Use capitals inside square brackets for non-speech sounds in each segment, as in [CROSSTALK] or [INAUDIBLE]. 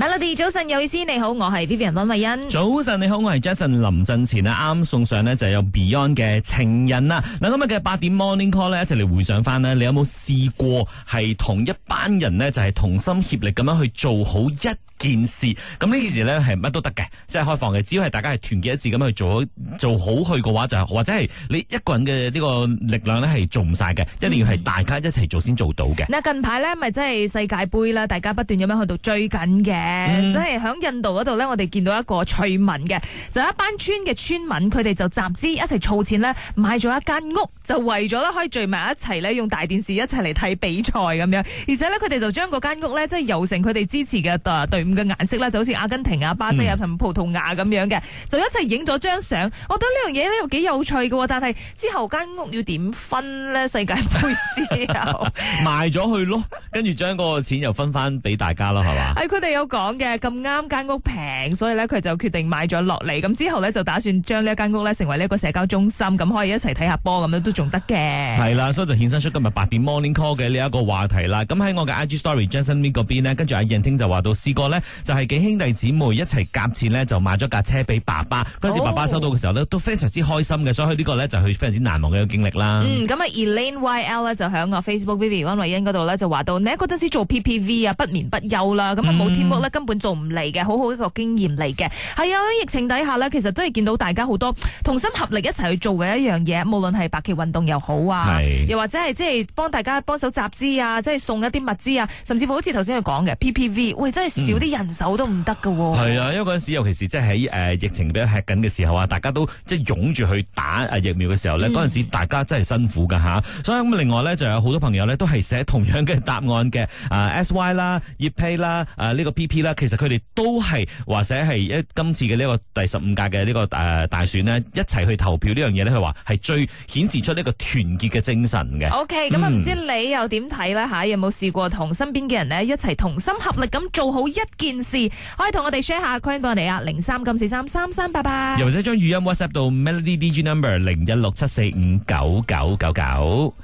Hello，早晨有意思，你好，我係 Vivian 溫慧欣。早晨你好，我係 Jason 林振前啊，啱啱送上呢就有 Beyond 嘅情人啦。嗱，今日嘅八點 Morning Call 咧，一齊嚟回想翻呢，你有冇試過係同一班人呢？就係同心協力咁樣去做好一件事，咁呢件事呢，係乜都得嘅，即係開放嘅。只要係大家係團結一致咁去做，做好去嘅話，就或者係你一個人嘅呢個力量呢係做唔晒嘅，一定要係大家一齊做先做到嘅。嗱，近排呢咪真係世界杯啦，大家不斷咁樣去到追緊嘅，即係響印度嗰度咧，我哋見到一個趣聞嘅，就是、一班村嘅村民佢哋就集資一齊儲錢呢買咗一間屋，就為咗咧可以聚埋一齊呢用大電視一齊嚟睇比賽咁樣，而且呢佢哋就將嗰間屋呢即係由成佢哋支持嘅啊嘅顏色啦，就好似阿根廷啊、巴西啊同、嗯、葡萄牙咁樣嘅，就一齊影咗張相。我覺得呢樣嘢呢又幾有趣喎。但係之後間屋要點分呢？世界盃之後賣咗去咯，跟住將個個錢又分翻俾大家囉，係嘛 [LAUGHS] 吧？佢哋有講嘅，咁啱間屋平，所以呢，佢就決定買咗落嚟。咁之後呢，就打算將呢間間屋呢成為呢個個社交中心，咁可以一齊睇下波咁樣都仲得嘅。係啦，所以就衍生出今日八點 Morning Call 嘅呢一個話題啦。咁喺我嘅 IG Story Jensen 嗰邊呢，跟住阿燕聽就話到，試過呢。就係幾兄弟姊妹一齊夾錢呢，就買咗架車俾爸爸。嗰陣時爸爸收到嘅時候呢、oh. 都非常之開心嘅，所以呢個呢就係、是、非常之難忘嘅一個經歷啦。咁啊、嗯、，Elaine Y L 咧就響個 Facebook Vivian 温麗欣嗰度咧就話到，你嗰陣時做 PPV 啊，不眠不休啦。咁啊冇 teamwork 根本做唔嚟嘅，好、嗯、好一個經驗嚟嘅。係啊，喺疫情底下呢，其實真係見到大家好多同心合力一齊去做嘅一樣嘢，無論係白旗運動又好啊，是又或者係即係幫大家幫手集資啊，即、就、係、是、送一啲物資啊，甚至乎好似頭先佢講嘅 PPV，喂，真係少啲、嗯。人手都唔得噶喎，係啊，因為嗰陣時，尤其是即係喺誒疫情比較吃緊嘅時候啊，大家都即係湧住去打疫苗嘅時候呢。嗰陣、嗯、時大家真係辛苦噶吓。所以咁另外呢，就有好多朋友呢都係寫同樣嘅答案嘅，啊 S Y 啦、葉、e、Pay 啦、呢、啊這個 P P 啦，其實佢哋都係或者係今次嘅呢個第十五屆嘅呢個誒大選呢，一齊去投票呢、okay, 嗯嗯、樣嘢呢，佢話係最顯示出呢個團結嘅精神嘅。O K，咁啊唔知你又點睇咧吓？有冇試過同身邊嘅人呢，一齊同心合力咁做好一件事可以同我哋 share 下 Queen 幫我啊，零三九四三三三，八八。又或者將語音 WhatsApp 到 Melody D G Number 零一六七四五九九九九。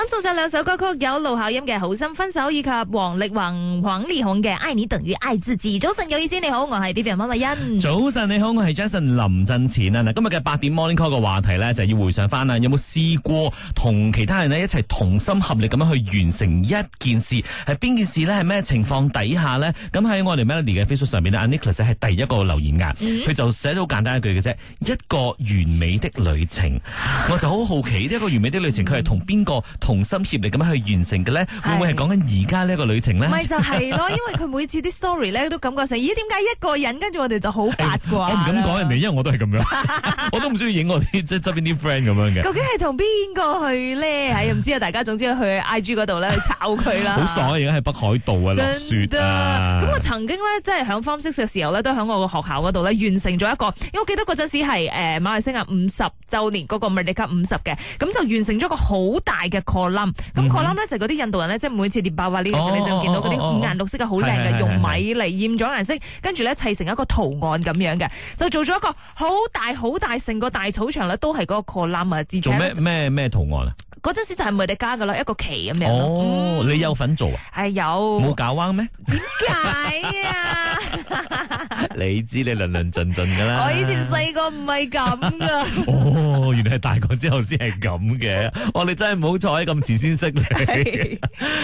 咁送上兩首歌曲，有盧巧音嘅《好心分手》，以及王力宏、王力宏嘅《愛你等於愛自己》。早晨，有意思你好，我係 B B 媽咪欣。早晨你好，我係 Jason 林振前啦。嗱，今日嘅八點 Morning Call 嘅話題呢，就要回想翻啦。有冇試過同其他人咧一齊同心合力咁樣去完成一件事？係邊件事咧？係咩情況底下呢？咁喺我哋 Melody 嘅 Facebook 上面咧 Aniklis 係、嗯、第一個留言噶，佢就寫到簡單一句嘅啫：一個完美的旅程。 [LAUGHS] 我就好好奇呢一個完美的旅程，佢係同邊個？同心協力咁樣去完成嘅咧，會唔會係講緊而家呢個個旅程咧？唔係就係咯，因為佢每次啲 story 咧都感覺成，咦點解一個人跟住我哋就好八卦、欸？我唔敢講人哋，因為我都係咁樣， [LAUGHS] 我都唔中意影我啲即係側邊啲 friend 咁樣嘅。究竟係同邊個去咧？唉、哎、唔知啊，大家總之去 IG 嗰度呢去抄佢啦。好 [LAUGHS] 爽啊而家喺北海道啊，落的雪咁、啊、我曾經咧即係喺 form six 嘅時候呢，都喺我個學校嗰度咧完成咗一個。因為我記得嗰陣時係誒、呃、馬來西亞五十週年嗰、那個 Merdeka 五十嘅，咁就完成咗個好大嘅。廓林咁廓林呢，就嗰、是、啲印度人呢，即係每次禮拜啊呢個時候你就見到嗰啲五顏六色嘅好靚嘅用米嚟染咗顏色，跟住呢砌成一個圖案咁樣嘅，就做咗一個好大好大成個大草場呢都係嗰個廓林啊！做咩咩咩圖案啊？嗰陣時就係咪你加噶啦，一個期咁樣哦，嗯、你有份做、哎、有啊？係有。冇搞彎咩？點解啊？你知你論論盡盡噶啦。我以前細個唔係咁噶。 [LAUGHS] 哦，原來係大個之後先係咁嘅。我哋、 [LAUGHS] 哦、真係唔好彩咁遲先識你。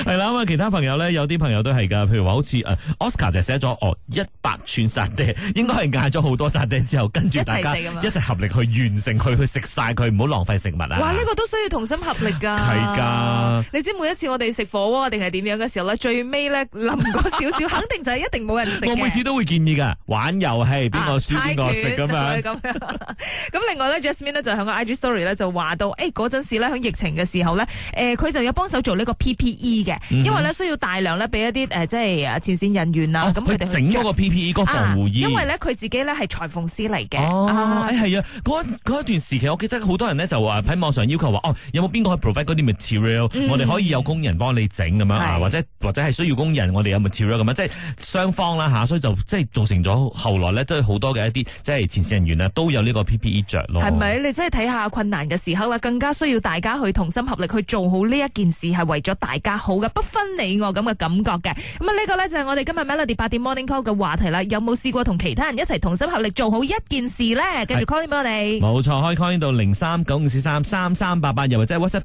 係啦是，咁啊， [LAUGHS] 其他朋友咧，有啲朋友都係噶，譬如話好似、呃、Oscar 就寫咗哦，一百串沙爹」，應該係嗌咗好多沙爹之後，跟住大家一齊合力去完成佢，去食晒佢，唔好浪費食物啊。哇，呢、這個都需要同心合力。係噶，啊、係噶你知每一次我哋食火鍋定係點樣嘅時候咧，最尾咧淋過少少， [LAUGHS] 肯定就係一定冇人食。我每次都會建議噶玩遊戲，邊個輸邊個食咁樣。咁 [LAUGHS] 另外咧，Jasmine 咧就喺個 IG Story 呢就話到，誒，嗰陣時咧喺疫情嘅時候咧，誒、呃、佢就有幫手做呢個 PPE 嘅，嗯、哼因為咧需要大量呢俾一啲誒、呃、即係前線人員啊，咁佢哋整咗個 PPE 個防護衣、啊。因為呢，佢自己咧係裁縫師嚟嘅。哦，係啊，嗰一、哎、段時期，我記得好多人就話喺網上要求話，哦，有冇邊個？啲 material，嗯、我哋可以有工人幫你整咁樣，或者或者係需要工人，我哋有 material 咁樣，即係雙方啦嚇，所以就即係造成咗後來咧，即係好多嘅一啲即係前線人員啊，都有呢個 PPE 著咯。係咪？你真係睇下困難嘅時候啦，更加需要大家去同心合力去做好呢一件事，係為咗大家好嘅，不分你我咁嘅感覺嘅。咁啊，呢個咧就係我哋今日 Melody 八 Morning Call 嘅話題啦。有冇試過同其他人一齊同心合力做好一件事咧？繼續 call 啲俾是我哋。冇錯，可以 call 到零三九五四三三三八八，8, 又或者 WhatsApp。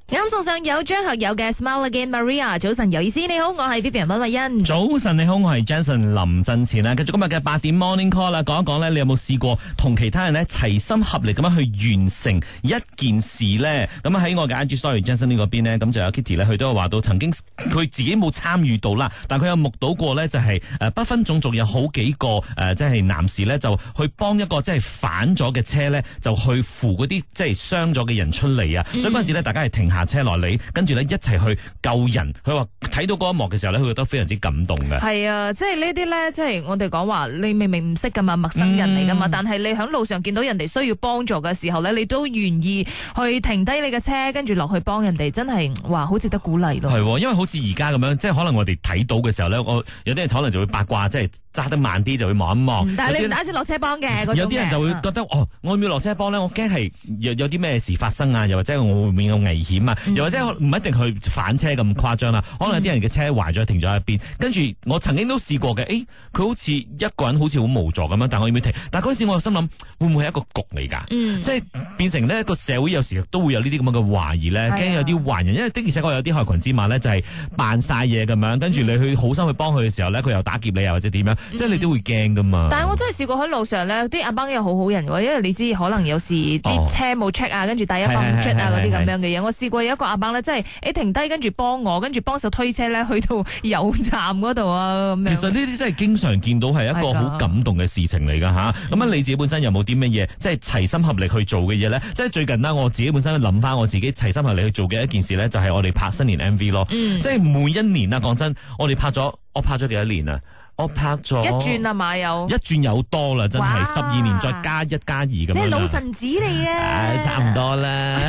啱送上有張學友嘅 Smile Again Maria。早晨有意思，你好，我係 Vivian 文慧欣。早晨你好，我係 Jason 林振前啊。繼續今日嘅八點 Morning Call 啦，講一講咧，你有冇試過同其他人咧齊心合力咁樣去完成一件事咧？咁啊喺我嘅 IG Story Jason 呢個邊咧，咁、hmm. 就有 Kitty 咧，佢都有話到曾經佢自己冇參與到啦，但佢有目睹過咧，就係誒不分種族有好幾個誒即係男士咧，就去幫一個即係反咗嘅車咧，就去扶嗰啲即係傷咗嘅人出嚟啊。嗯、所以陣時咧，大家係停下。車落嚟，跟住呢，一齊去救人。佢話睇到嗰一幕嘅時候呢，佢覺得非常之感動嘅。係啊，即係呢啲呢，即係我哋講話，你明明唔識噶嘛，陌生人嚟噶嘛，嗯、但係你喺路上見到人哋需要幫助嘅時候呢，你都願意去停低你嘅車，跟住落去幫人哋，真係哇好值得鼓勵咯。係、啊，因為好似而家咁樣，即係可能我哋睇到嘅時候呢，我有啲人可能就會八卦，即係揸得慢啲就會望一望。但係你唔打算落車幫嘅，有啲人就會覺得哦，我唔要落車幫呢，我驚係有有啲咩事發生啊，又或者我會唔會有危險啊？又或者唔一定去反車咁誇張啦，可能有啲人嘅車壞咗停咗喺一邊，跟住我曾經都試過嘅，誒佢好似一個人好似好無助咁樣，但我要唔要停？但嗰時我又心諗，會唔會係一個局嚟㗎？即係變成呢個社會有時都會有呢啲咁嘅懷疑咧，驚有啲壞人，因為的而且確有啲害群之馬咧，就係扮晒嘢咁樣，跟住你去好心去幫佢嘅時候咧，佢又打劫你又或者點樣，即係你都會驚㗎嘛。但係我真係試過喺路上呢，啲阿伯又好好人喎，因為你知可能有時啲車冇 check 啊，跟住第一 check 啊嗰啲咁樣嘅嘢，我試過。有一個阿伯咧，即係誒停低，跟住幫我，跟住幫手推車咧，去到油站嗰度啊咁樣。其實呢啲真係經常見到，係一個好感動嘅事情嚟噶吓。咁樣啊，你自己本身有冇啲乜嘢，即係齊心合力去做嘅嘢咧？即係最近咧，我自己本身諗翻我自己齊心合力去做嘅一件事咧，就係我哋拍新年 MV 咯。嗯，即係每一年啊，講真，我哋拍咗，我拍咗幾多年啊？我拍咗一轉啊，有，一轉有多啦，真係十二年再加一加二咁樣。你老臣子嚟嘅。哎，差唔多啦。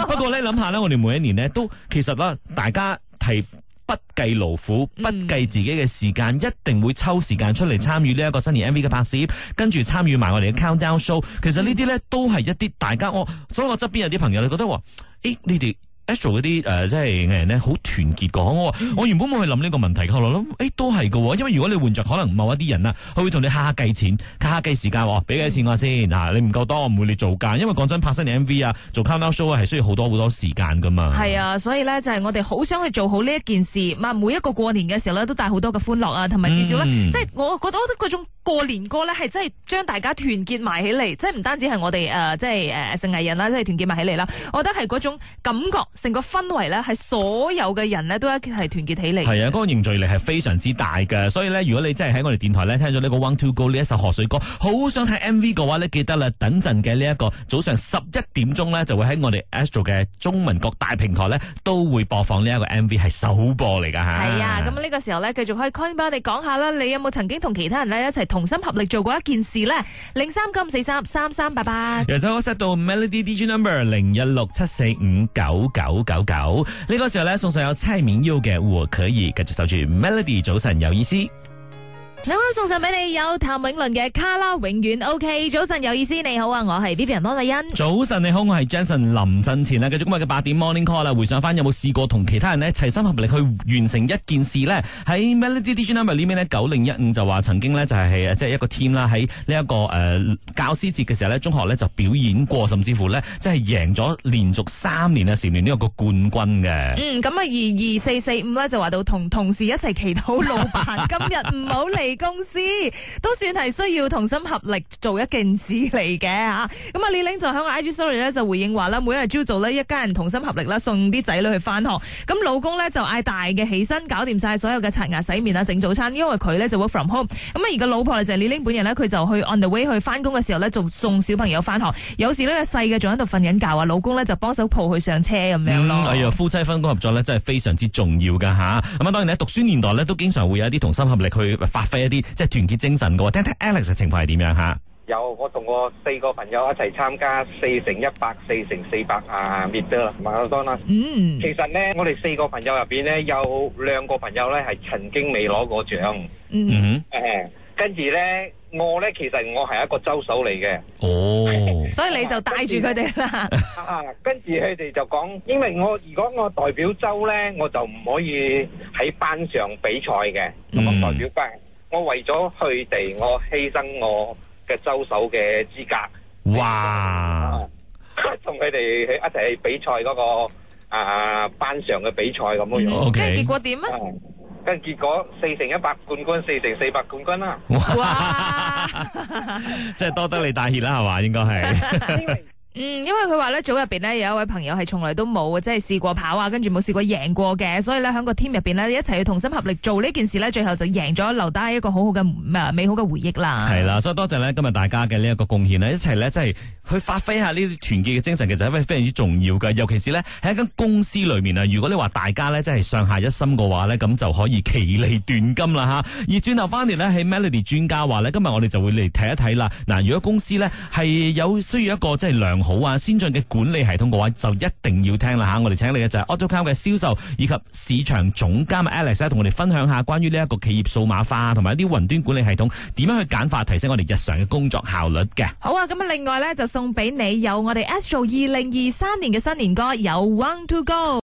[LAUGHS] [LAUGHS] 不過咧，諗下咧，我哋每一年咧都，其實大家係不計勞苦，嗯、不計自己嘅時間，一定會抽時間出嚟參與呢一個新年 M V 嘅拍攝，跟住參與埋我哋嘅 Countdown Show。其實呢啲咧都係一啲大家我，所以我側邊有啲朋友你覺得，誒，你哋。a s t h e 嗰啲誒，即係啲人咧好團結嘅。嗯、我原本冇去諗呢個問題嘅，後來諗，誒、欸、都係嘅。因為如果你換着，可能某些一啲人啊，佢會同你下下計錢，一下一下計時間，俾幾、嗯哦、多錢我先嚇？你唔夠多，我唔會你做㗎。因為講真的，拍新嘅 MV 啊，做 c o u n t d show 啊，係需要好多好多時間嘅嘛。係啊，所以咧就係我哋好想去做好呢一件事。啊每一個過年嘅時候咧都帶好多嘅歡樂啊，同埋至少咧，嗯、即係我覺得嗰種。過年歌咧，係真係將大家團結埋起嚟，即係唔單止係我哋誒，即係誒，成藝人啦，即係團結埋起嚟啦。我覺得係嗰種感覺，成個氛圍咧，係所有嘅人呢都一係團結起嚟。係啊，嗰個凝聚力係非常之大嘅。所以咧，如果你真係喺我哋電台咧聽咗呢個《One to Go》呢一首賀歲歌，好想睇 M V 嘅話呢，記得啦，等陣嘅呢一個早上十一點鐘咧，就會喺我哋 Astro 嘅中文各大平台咧都會播放呢一個 M V 係首播嚟噶吓。係啊，咁呢個時候呢繼續可以 Coin 我哋講下啦，你有冇曾經同其他人一齊？同心合力做過一件事咧，零三九五四三三三八八，又再 WhatsApp 到 Melody DJ Number、no. 零一六七四五九九九九，呢、這個時候咧送上有猜面 U 嘅，我可以繼續守住 Melody 早晨有意思。啱啱送上俾你有譚詠麟嘅《卡拉永遠 OK》，早晨有意思，你好啊，我係 Vivian 安麗欣。早晨你好，我係 Jason 林振前啦，繼續今日嘅八點 Morning Call 啦，回想翻有冇試過同其他人呢齊心合力去完成一件事呢？喺 e 呢 o digital 九零一五就話曾經呢，就係係即係一個 team 啦、這個，喺呢一個誒教師節嘅時候呢，中學呢就表演過，甚至乎呢，即係贏咗連續三年嘅蟬聯呢一個冠軍嘅。嗯，咁啊二二四四五呢，就話到同同事一齊祈禱老闆 [LAUGHS] 今日唔好嚟。公司都算係需要同心合力做一件事嚟嘅吓，咁啊李玲就喺我 IG story 咧就回應話啦，每一日朝早呢，一家人同心合力啦，送啲仔女去翻學，咁老公呢，就嗌大嘅起身搞掂晒所有嘅刷牙、洗面啊、整早餐，因為佢呢就 work from home，咁啊而個老婆呢就係、是、李玲本人呢，佢就去 on the way 去翻工嘅時候呢，仲送小朋友翻學，有時呢，個細嘅仲喺度瞓緊覺啊，老公呢就幫手抱佢上車咁樣咯。哎呀、嗯，我夫妻分工合作呢，真係非常之重要噶吓，咁啊當然咧讀書年代呢，都經常會有一啲同心合力去發揮。一啲即係團結精神嘅，聽聽 Alex 嘅情況係點樣吓？有我同我四個朋友一齊參加四乘一百、四乘四百啊，滅咗啦，馬拉松啦。嗯，其實咧，我哋四個朋友入邊咧有兩個朋友咧係曾經未攞過獎。嗯，誒，跟住咧我咧，其實我係一個州手嚟嘅。哦，所以你就帶住佢哋啦。跟住佢哋就講，因為我如果我代表州咧，我就唔可以喺班上比賽嘅，咁我代表班。我為咗佢哋，我犧牲我嘅周手嘅資格。哇！同佢哋去一齊去比賽嗰個啊班上嘅比賽咁嘅樣。跟結果點啊？跟住結果四乘一百冠軍，四乘四百冠軍啦。哇！即係多得你帶挈啦，係嘛？應該係。嗯，因為佢話咧組入邊咧有一位朋友係從來都冇，即係試過跑啊，跟住冇試過贏過嘅，所以咧喺個 team 入邊咧一齊要同心合力做呢件事咧，最後就贏咗，留低一個好好嘅美好嘅回憶啦。係啦，所以多謝咧今日大家嘅呢一個貢獻咧，一齊咧即係。去發揮下呢啲團結嘅精神，其實係非常之重要嘅。尤其是呢，喺一間公司裏面啊，如果你話大家呢，真係上下一心嘅話呢，咁就可以其利斷金啦吓。而轉頭翻嚟呢，係 Melody 專家話呢，今日我哋就會嚟睇一睇啦。嗱，如果公司呢係有需要一個即係良好啊先進嘅管理系統嘅話，就一定要聽啦吓。我哋請嚟嘅就係 AutoCal 嘅銷售以及市場總監 Alex 同我哋分享下關於呢一個企業數碼化同埋一啲雲端管理系統點樣去簡化提升我哋日常嘅工作效率嘅。好啊，咁另外呢。就。送畀你有我哋 Astro 二零二三年嘅新年歌有 One to Go。